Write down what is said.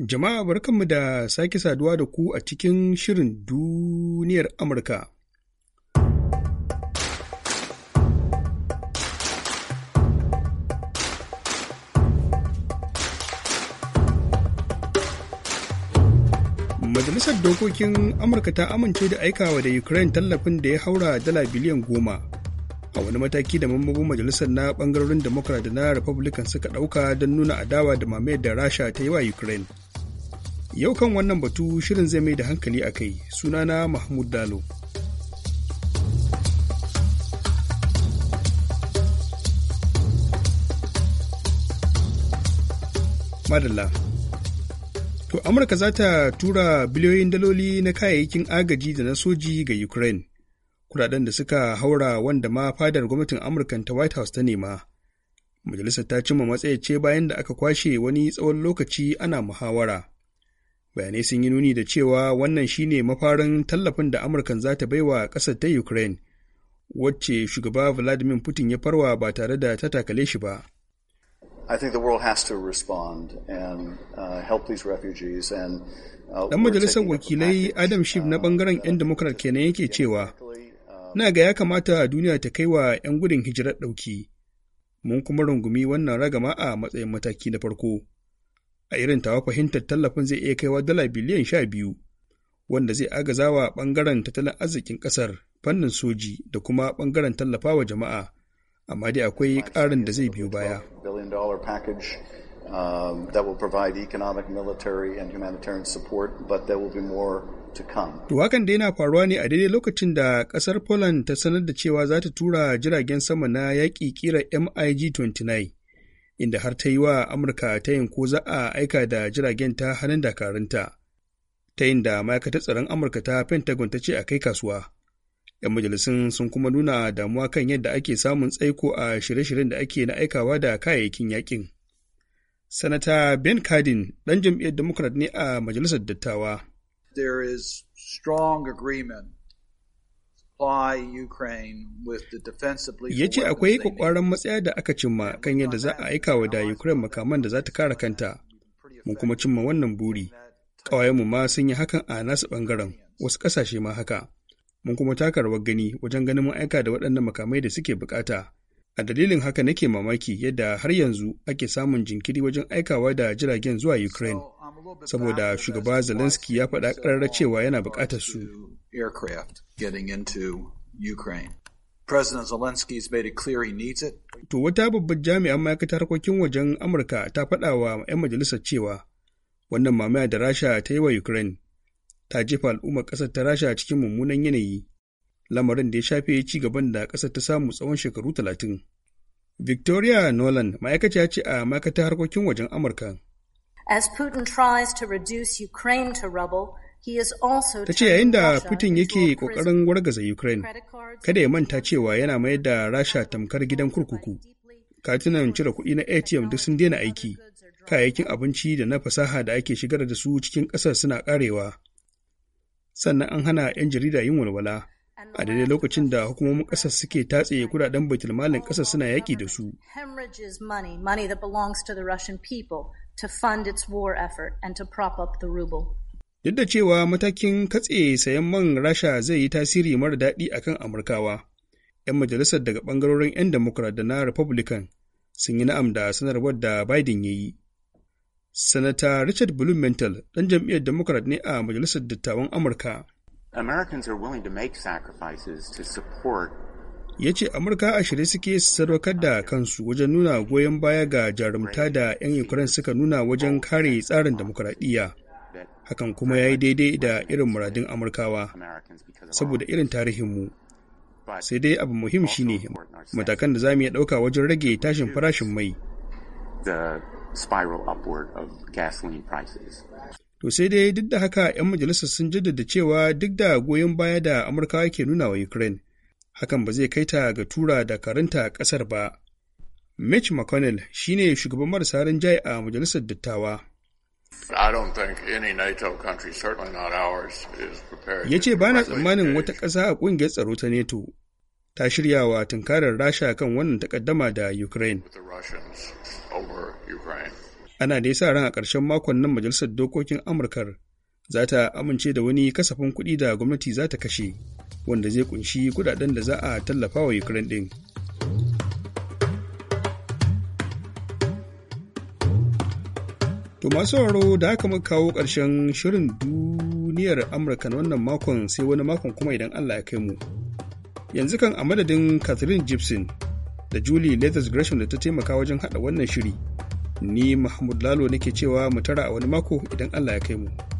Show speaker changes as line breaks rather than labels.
Jama'a barkanmu da sake saduwa da ku a cikin shirin duniyar Amurka. Majalisar Dokokin Amurka ta amince da aikawa da Ukraine tallafin da ya haura dala biliyan goma. a wani mataki da mambobin majalisar na bangarorin democrat da na republican suka ɗauka don nuna adawa da mamayar da rasha ta yi wa ukraine Yau kan wannan batu shirin zai mai da hankali a kai suna na Mahmud Dalo. Madalla. To, Amurka za ta tura biliyoyin daloli na kayayyakin agaji da na soji ga Ukraine, kudaden da suka haura wanda ma fadar gwamnatin Amurka ta White House ta nema. Majalisar ta cimma matsayace bayan da aka kwashe wani tsawon lokaci ana muhawara. bayanai sun yi nuni da cewa wannan shine mafarin tallafin da amurkan za ta baiwa ƙasar ta ukraine wacce shugaba vladimir putin ya farwa ba tare da ta takale shi ba uh, uh, Dan majalisar wakilai Adam Schiff na uh, bangaren 'yan Democrat kenan yake cewa, Na ga ya kamata duniya ta kai wa 'yan gudun hijirar dauki mun kuma rungumi wannan ragama a matsayin mataki na farko. a irin tawa fahimtar tallafin zai iya kaiwa dala biliyan sha biyu wanda zai agazawa bangaren tattalin arzikin kasar fannin soji da kuma bangaren tallafa wa jama'a amma dai akwai ƙarin da zai biyo baya um, to To hakan dai na faruwa ne a daidai lokacin da kasar Poland ta sanar da cewa za ta tura jiragen sama na yaƙi kira MiG-29 inda har ta yi wa amurka ta yin ko za a aika da jiragen ta hannun dakarunta ta yin da ma'aikatar tsaron amurka ta pentagon ta ce a kai kasuwa 'yan majalisun sun kuma nuna damuwa kan yadda ake samun tsaiko a shirye-shiryen da ake na aikawa da kayayyakin yakin sanata ben cardin ɗan jam'iyyar democrat ne a majalisar dattawa there strong agreement Ya ce akwai kwakwaran matsaya da aka cimma kan yadda za a aika wa da Ukraine makaman da za ta kare kanta. Mun kuma cimma wannan buri. Ƙawayenmu ma sun yi hakan a nasu ɓangaren, wasu ƙasashe ma haka. Mun kuma taka rawar gani wajen ganin mun aika da waɗannan makamai da suke bukata A dalilin haka nake mamaki yadda har yanzu ake samun jinkiri wajen aikawa da jiragen zuwa Ukraine, saboda shugaba Zelensky ya faɗa ƙararra cewa yana bukatar su. aircraft getting into Ukraine. President Zelensky's made it clear he needs it. To wata babbar jami'an ma'aikatar harkokin wajen Amurka ta faɗa wa 'yan majalisar cewa wannan mamaya da Rasha ta yi wa Ukraine ta jefa al'ummar ƙasar ta Rasha cikin mummunan yanayi, lamarin da ya shafe ci gaban da ƙasar ta samu tsawon shekaru talatin. Victoria Nolan ma'aikaciya ce a ma'aikatar harkokin wajen Amurka. As Putin tries to reduce Ukraine to rubble, Ta ce yayin da Putin yake ƙoƙarin wargaza Ukraine, kada ya manta cewa yana mayar da Rasha tamkar gidan kurkuku. Katunan cire kuɗi na ATM duk sun daina aiki, kayayyakin abinci da na fasaha da ake shigar da su cikin ƙasar suna ƙarewa. Sannan an hana 'yan jarida yin walwala, a daidai lokacin da hukumomin ƙasar suke tatse kudaden baitulmalin ƙasar suna yaƙi da su. To fund its war effort and to prop up ruble. Duk da cewa matakin katse sayan man Rasha zai yi tasiri mara daɗi a kan Amurkawa, 'yan majalisar daga ɓangarorin 'yan Democrat da na Republican sun yi na'am da sanarwar da Biden ya yi. Sanata Richard Blumenthal ɗan jam'iyyar Democrat ne a Majalisar Dattawan Amurka. Americans are willing to make sacrifices to support ya ce amurka a shirye suke sadaukar da kansu wajen nuna goyon baya ga jarumta da 'yan ukraine suka nuna wajen kare tsarin demokuraɗiyya hakan kuma ya yi daidai da irin muradin amurkawa saboda irin tarihinmu sai dai abu muhim shine matakan da za mu iya ɗauka wajen rage tashin farashin mai to sai dai duk da haka 'yan majalisar sun jaddada cewa duk da goyon baya da amurkawa ke nuna wa ukraine hakan ba zai kai ta ga tura da karanta ƙasar ba mitch mcconnell shine shugaban marasa rinjaye a majalisar dattawa Ya ce ba na tsammanin wata ƙasa a ƙungiyar tsaro ta NATO ta shirya wa tunkarar Rasha kan wannan takaddama da Ukraine. Ana da sa ran a ƙarshen makon nan Majalisar Dokokin Amurkar za ta amince da wani kasafin kuɗi da gwamnati za ta kashe wanda zai kunshi kudaden da za a tallafa wa Ukraine ɗin. To masu sauraro da aka muka kawo ƙarshen shirin duniyar Amurka na wannan makon sai wani makon kuma idan Allah ya kai mu. Yanzu kan a madadin Catherine Gibson da Julie Leathers Gresham da ta taimaka wajen haɗa wannan shiri. Ni Mahmud Lalo nake cewa mu tara a wani mako idan Allah ya kai mu.